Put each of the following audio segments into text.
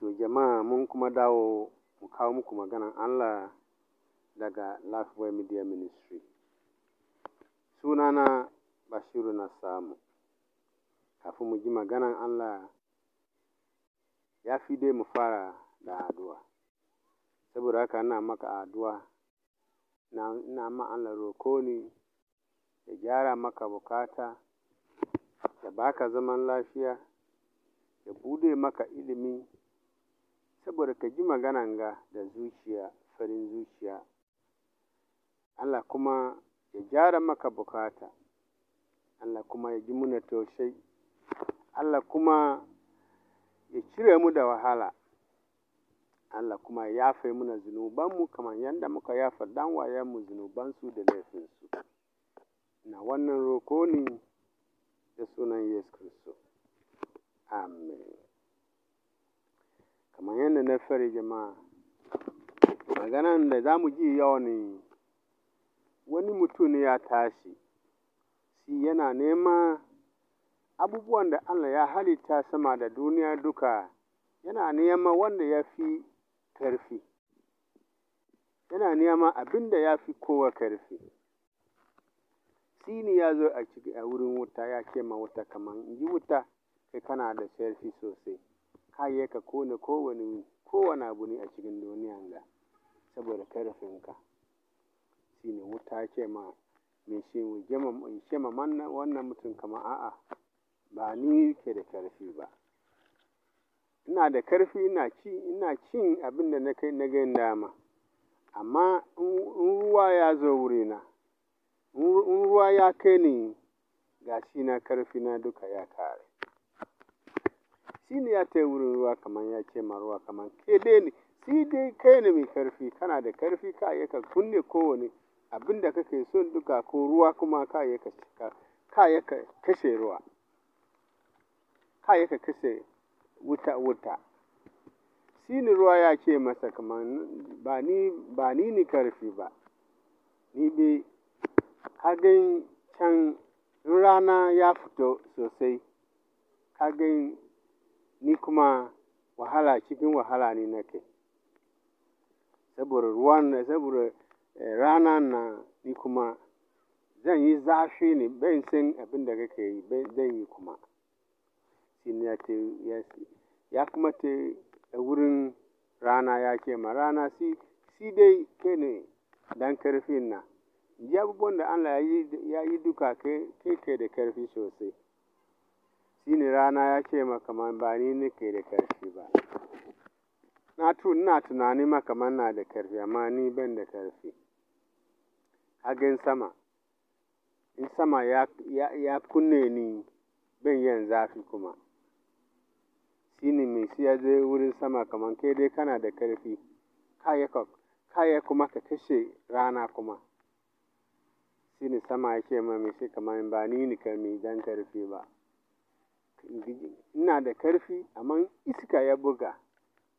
To jama'a mun kuma dawo mu kawo muku maganan Allah daga Lifeway Media Ministry. Sunana Bashiru na samu. Kafin mu ji maganan Allah ya fi dai mu fara da addu'a. Saboda haka na maka addu'a, ina ma Allah roko ya gyara maka bukata, ya baka zaman lafiya, ya buɗe maka ilimi saboda ka ji ga da zuciya farin zuciya, Allah kuma ya gyara maka bukata, Allah kuma ya ji muna tausayi, Allah kuma ya cire mu da wahala, Allah kuma ya yafe muna zunubanmu kamar yadda muka yafa dan zunubansu da laifinsu. Na wannan roko ne da sunan Yesu Kristo Amen. kamar yadda na faɗi jama'a maganan da za mu ji yau ne wani mutum ne ya tashi shi yana nema abubuwan da Allah ya halitta sama da duniya duka yana nema wanda ya fi ƙarfi yana nema abin da ya fi kowa ƙarfi shi ya zo a wurin wuta ya ce ma wuta kamar in ji wuta kai kana da karfi sosai ka ya ka kona kowane kowane abu ne a cikin duniya ga saboda shi ne wuta ce ma me shi mu ce ma wannan mutum kama a'a ba ni ke da karfi ba ina da karfi ina ci ina cin abin da na kai na ga dama amma in ruwa ya zo wurina in ruwa ya kai ni shi na ƙarfi na duka ya kare shi ne ya tayi wurin ruwa kamar ya ce ma ruwa kamar ke dai ne shi dai kai ne mai karfi kana da karfi ka iya ka kunne kowane abin da kake son duka ko ruwa kuma ka iya ka ka kashe ruwa ka iya ka kashe wuta wuta shi ne ruwa ya ce masa kamar ba ni ba ni ni karfi ba ni dai ka can rana ya fito sosai ka ni kuma wahala cikin wahala ne nake. Saboda ruwan, saboda eh, rana na ni kuma zan yi zafi ne, bai san abin da kake yi, zan yi kuma. ya kuma ce a wurin rana ya ce ma rana shi, shi dai ke ne dan karfin na ya abubuwan da Allah ya yi, ya yi duka ke ke da karfi sosai. shi ne rana ya ce makaman ba ni nake da ƙarfi ba. Na ina tunani makaman na da ƙarfi amma ni ban da ƙarfi. Hagen sama, in sama ya, ya, ya kunne ni ban yin zafi kuma. Shi ne mai siya zai wurin sama kaman ke dai kana da ƙarfi, kaya kuma ka kashe rana kuma. Shi ne sama ya ce mai kaman ba ni ni ka mi dan ƙarfi ba. ina da ƙarfi amma iska ya buga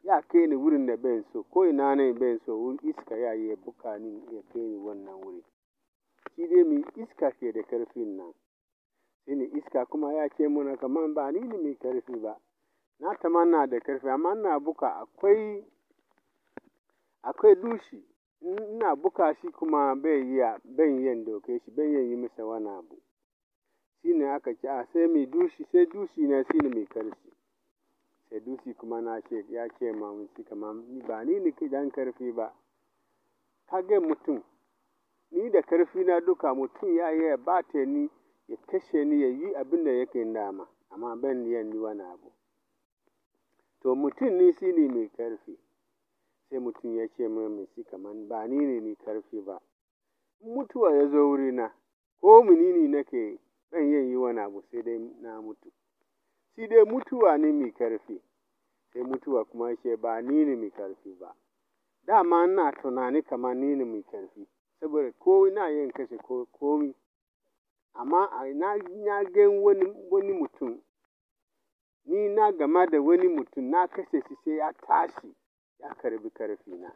ya kai ni wurin da ban so ko ina ne ban so iska ya yi buka ni ya kai ni wannan wuri shi dai mai iska ke da ƙarfin nan shi ne iska kuma ya ce mana kamar ba ni ne mai ƙarfi ba na tamanna da ƙarfi amma ina buka akwai akwai dushi ina buka shi kuma bai yi ban yin doke shi ban yin yi masa wani abu shi ne aka ce a ah, sai mai dushi sai dushi na shi ne mai karfi sai dushi kuma na ce ya ce ma kama ba ni ne dan karfi ba kage mutum ni da karfi na duka mutum ya yi ya bata ni ya kashe ni ya yi abin da yake dama amma ban yan ni wani abu to mutum ni shi ne mai karfi sai mutum ya ce mai kamar ba ni ne ni karfi ba mutuwa ya zo wurina ko ne nake zan iya yi wani abu sai dai na mutu. Shi dai mutuwa ne mai karfi. sai mutuwa kuma ya ce ba ni ne mai karfi ba. Dama ina tunani kamar ni ne mai karfi, saboda ko ina yin kashe komi. Amma na ga wani, wani mutum, ni na gama da wani mutum na kashe shi sai ya tashi ya karbi karfi na.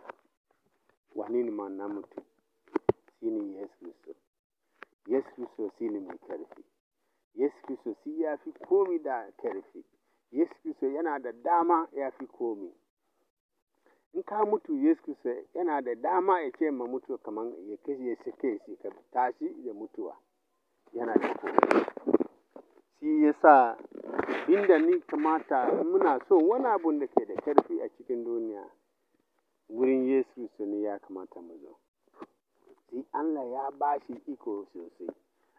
Wani ne ma na mutum? Shi ne Yesu Kiristi. Yesu fi ne mai karfi. Yesu Kiristoci ya fi komi da karfi. Yesu Kiristo yana da dama ya fi komi. In ka mutu Yesu Kiristo yana da dama ya ce ma mutu kamar ya kashe shi kai shi ka tashi da mutuwa. Yana da komi. Shi yasa inda ni kamata muna so wani abun da ke da karfi a cikin duniya wurin Yesu Kiristo ne ya kamata mu zo. shi Allah ya ba shi iko sosai.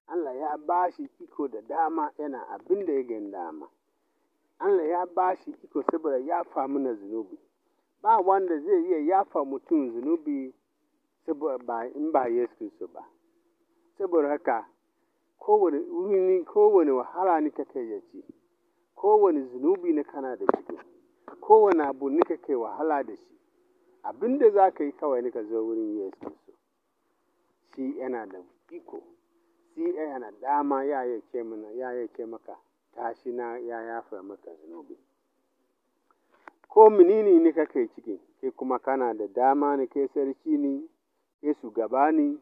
Allah ya ba shi iko da dama yana abin da ya gan dama. Allah ya ba shi iko saboda ya famu na zunubi. Ba wanda zai iya yafa mutum zunubi in ba Yesu Kristo ba. Saboda haka, kowane wahala ni kake ya ce, kowane zunubi na kana da shi, kowane abu ni kake wahala da shi. Abin da za ka yi kawai ni ka zo wurin Yesu shi yana da iko shi yana dama ya mana ya iya maka tashi na ya yafa maka zunubi ko menene ne kake ciki kai kuma kana da dama ne kai sarki ne kai shugaba ne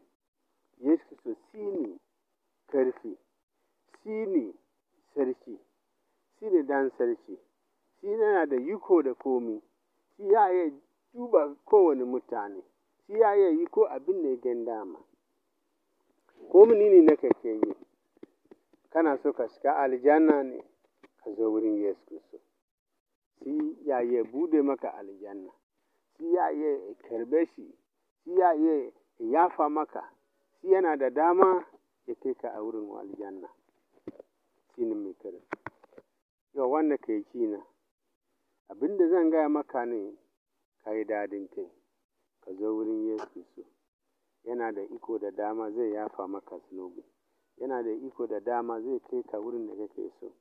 yesu to shi ne karfi shi ne sarki shi ne dan sarki shi yana da iko da komi shi ya yi duba kowane mutane shi ya yi ko abin da ya gan dama ko menene na kake yi kana so ka shiga aljanna ne ka zo wurin Yesu Kristo shi ya yi bude maka aljanna shi ya yi karbe shi shi ya yi yafa maka shi yana da dama ya kai ka a wurin aljanna shi ne mai kare yau wanda ka yi kina abinda zan gaya maka ne ka yi dadin kai ka zo wurin Yesu Kristo yana da iko da dama zai yafa maka zunubi, yana da iko da dama zai kai ka wurin da kake so,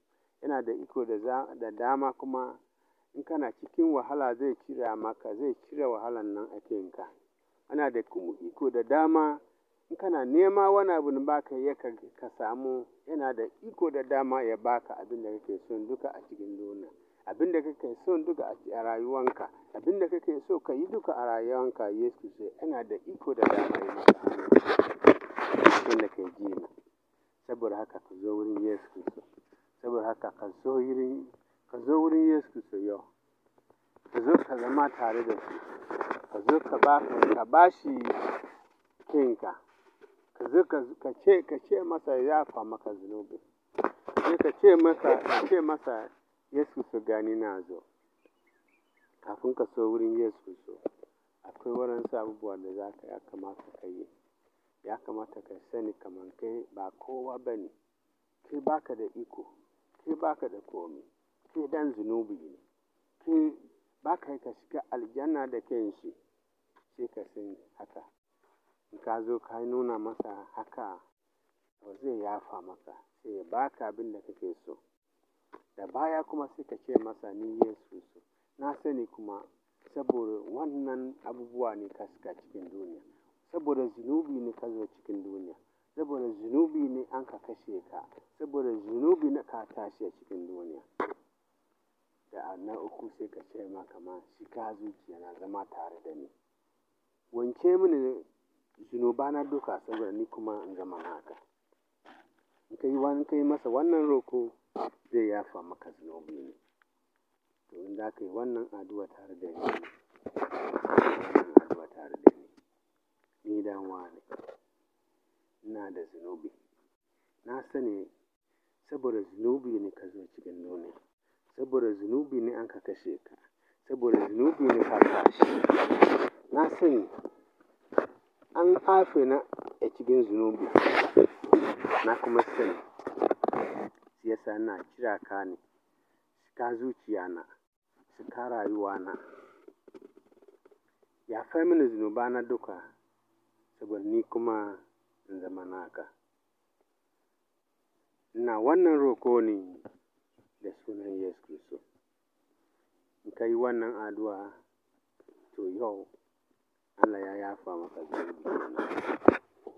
yana da iko da dama kuma in kana cikin wahala zai cira maka, zai cire wahalan nan a ka Yana da kuma iko da dama in kana nema wani abu da ba ka ka samu, yana da iko da dama ya baka abin da kake so duka a cikin duniya. abin da kake so duka a rayuwanka abin da kake so ka yi duka a rayuwanka Yesu ce yana da iko da dama yi maka abin da kai ji na saboda haka ka zo wurin Yesu Kristo saboda haka ka zo wurin ka zo wurin Yesu Kristo yau ka zo ka zama tare da shi ka zo ka ba ka ba shi kinka ka zo ka ce ka ce masa ya fa maka zunubi ka ce masa ka ce masa Yesu su gani zo kafin ka so wurin Yesu so akwai waɗansu abubuwa da za ka ya kamata ka yi ya kamata ka sani kamar kai ba kowa ba ne kai ka da iko kai ka da komi kai dan zunubi ne kai ba ka shiga aljanna da shi, sai ka san haka in ka zo ka nuna masa haka ba zai yafa maka sai ya baka abin da kake so da baya kuma sai ka ce masa ni Yesu na sani kuma saboda wannan abubuwa ne ka suka cikin duniya saboda zunubi ne ka zo cikin duniya saboda zunubi ne an ka kashe ka saboda zunubi na ka tashi a cikin duniya da na uku sai ka ce ma kama ka zuciya na zama tare da ni wanke mini zunuba na duka saboda ni kuma in zama haka in kai masa wannan roko zai yafa maka zunubi. To in za ka yi wannan addu'a tare da ni, wannan addu'a tare da ni, ni ɗan wani ina da zunubi. Na sani saboda zunubi ne ka zo cikin duniya, saboda zunubi ne an ka kashe ka, saboda zunubi ne ka kashe Na sani an fafe na a cikin zunubi, na kuma sani. siyasa yasa kira ka ne, cika zuciya na, cika rayuwa na. fai mini zunuba na duka, saboda ni kuma in zama naka. na wannan roko ne da sunan Yesu so In ka yi wannan aduwa to yau Allah ya yafa maka zunubi.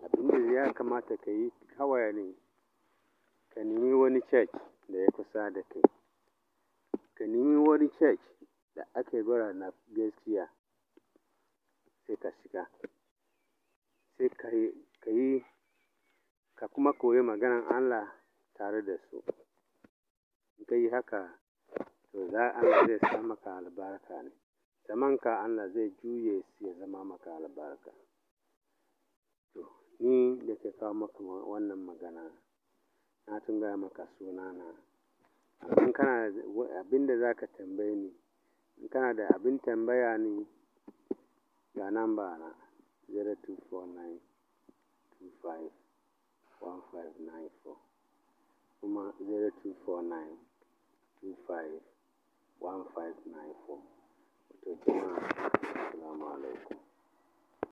Abin da ya kamata ka yi kawai ne. Ka nemi wani church da ya kusa da kai, ka nemi wani church da aka gwada na gaskiya sai ka shiga, sai ka yi ka kuma koyi maganan Allah tare da su. In ka yi haka, to za Allah zai sa maka albarka ne. Zamanka Allah zai juye su ya zama maka albarka. To, ni da ke kawo maka wannan magana. na tun gaya maka sunana. In kana abin da za ka tambaye ni, in kana da abin tambaya ni ga namba na 0249251594 kuma 0249251594. Wato jama'a, salamu alaikum.